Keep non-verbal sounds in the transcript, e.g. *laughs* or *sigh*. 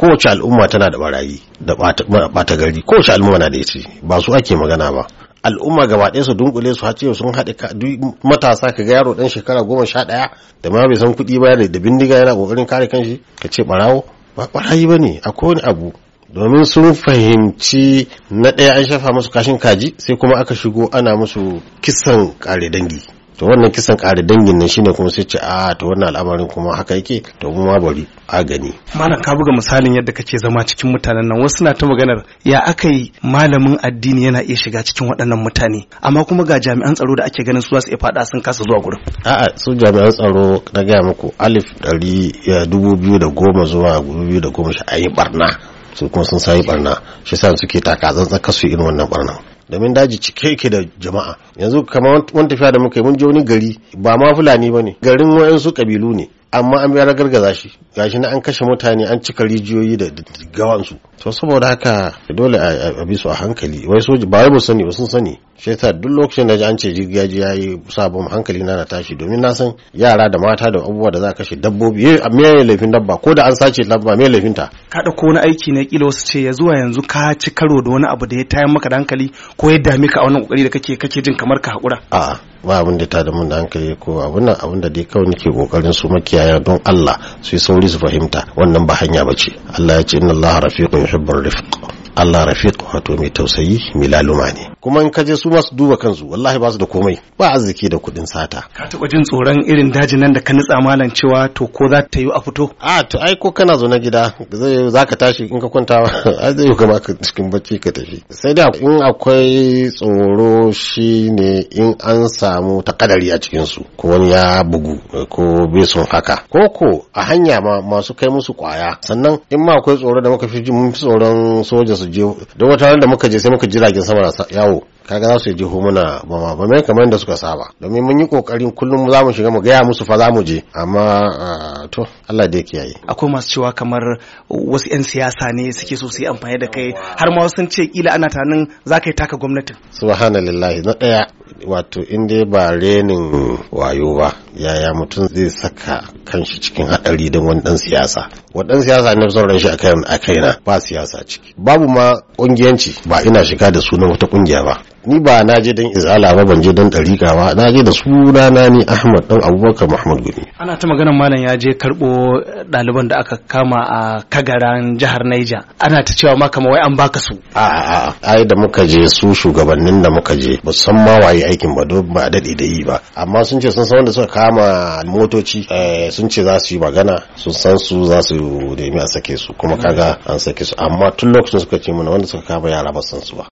kowace al'umma tana da barayi da bata gari kowace al'umma na da yace ba su ake magana ba al'umma gaba ɗaya su dunkule su hace sun haɗe matasa ka ga yaro ɗan shekara goma sha ɗaya da ma bai san kuɗi ba da bindiga yana ƙoƙarin kare kanshi ka ce ɓarawo ba ɓarayi ba ne akwai wani abu domin sun fahimci na ɗaya an shafa musu kashin kaji sai kuma aka shigo ana musu kisan kare dangi to wannan kisan kare dangin nan shine kuma sai ce a to wannan al'amarin kuma haka yake to mu ma bari a gani Mana ka buga misalin yadda kake zama cikin mutanen nan wasu na ta maganar ya aka yi malamin addini yana iya shiga cikin waɗannan mutane amma kuma ga jami'an tsaro da ake ganin su za su iya faɗa sun kasa zuwa gurin a'a su jami'an tsaro na gaya muku alif ɗari dubu biyu da goma zuwa dubu biyu da goma a yi barna su kuma sun sayi barna shi sa suke taka tsaka su irin wannan barna. domin daji cike yake da jama'a yanzu kamar wani tafiya da muka yi mun je wani gari ba ma fulani ba ne garin wayansu kabilu ne amma an biya gargaza shi gashi na an kashe mutane an cika rijiyoyi da gawansu to saboda haka dole a bi su a hankali wai soji ba wai sani ba sun sani shi yasa duk lokacin da an ce jirgaji ya yi sabon hankali na tashi domin na san yara da mata da abubuwa da za a kashe dabbobi eh, me laifin dabba ko da an sace dabba me laifin ta ka ko wani aiki na kila wasu ce ya zuwa yanzu ka ci karo da wani abu da ya tayan maka da hankali ko ya dami ka a wani kokari da kake kake jin kamar ka hakura a'a ba abin da ta da mun da hankali ko abin nan abin da dai kawai nake kokarin su makiyaya don Allah su yi sauri su fahimta wannan ba hanya ba ce Allah ya ce inna Allah rafiqu yuhibbu rifq Allah rafiq wato mai tausayi mai laluma ne kuma in ka je su masu duba kansu wallahi ba su da komai ba arziki da kuɗin sata ka taɓa jin tsoron irin dajin nan da ka nitsa malam cewa to ko za ta yi a fito a to ai ko kana zo na gida zai za ka tashi in ka kwanta a *laughs* zai yi kama ka cikin bacci ka tafi sai da in akwai tsoro shine in an samu takadari a cikin su ko wani ya bugu ko bai son haka ko ko a hanya ma masu kai musu kwaya sannan in ma akwai tsoro da muka fi jin mun fi tsoron soja su je don wata da muka je sai muka jiragen sama ya kawo kaga za su je muna bama mai kamar yadda suka saba domin mun yi kokarin kullum za mu shiga mu gaya musu fa za mu je amma to Allah da yake yayi akwai masu cewa kamar wasu yan siyasa ne suke so su yi amfani da kai har ma sun ce kila ana tanin za ka yi taka gwamnatin subhanallahi na daya wato in ba renin wayo ba yaya mutum zai saka kanshi cikin hadari don wani dan siyasa wadan siyasa ne son shi akan na ba siyasa ciki babu ma kungiyanci ba ina shiga da sunan wata kungiya ba ni ba na je don izala ba ban je don dariƙa ba na je da suna na ni Ahmad dan Abubakar Muhammad Gumi ana ta maganar malam ya je karɓo ɗaliban da aka kama a kagaran jihar Naija ana ta cewa ma kama wai an baka su a a da muka je su shugabannin da muka je ba san ma waye aikin ba don ba daɗe da yi ba amma sun ce sun san wanda suka kama motoci eh, sun ce za su yi magana sun san su za su nemi a sake su kuma kaga an sake su amma tun lokacin suka ce mana wanda suka kama yara ba san su ba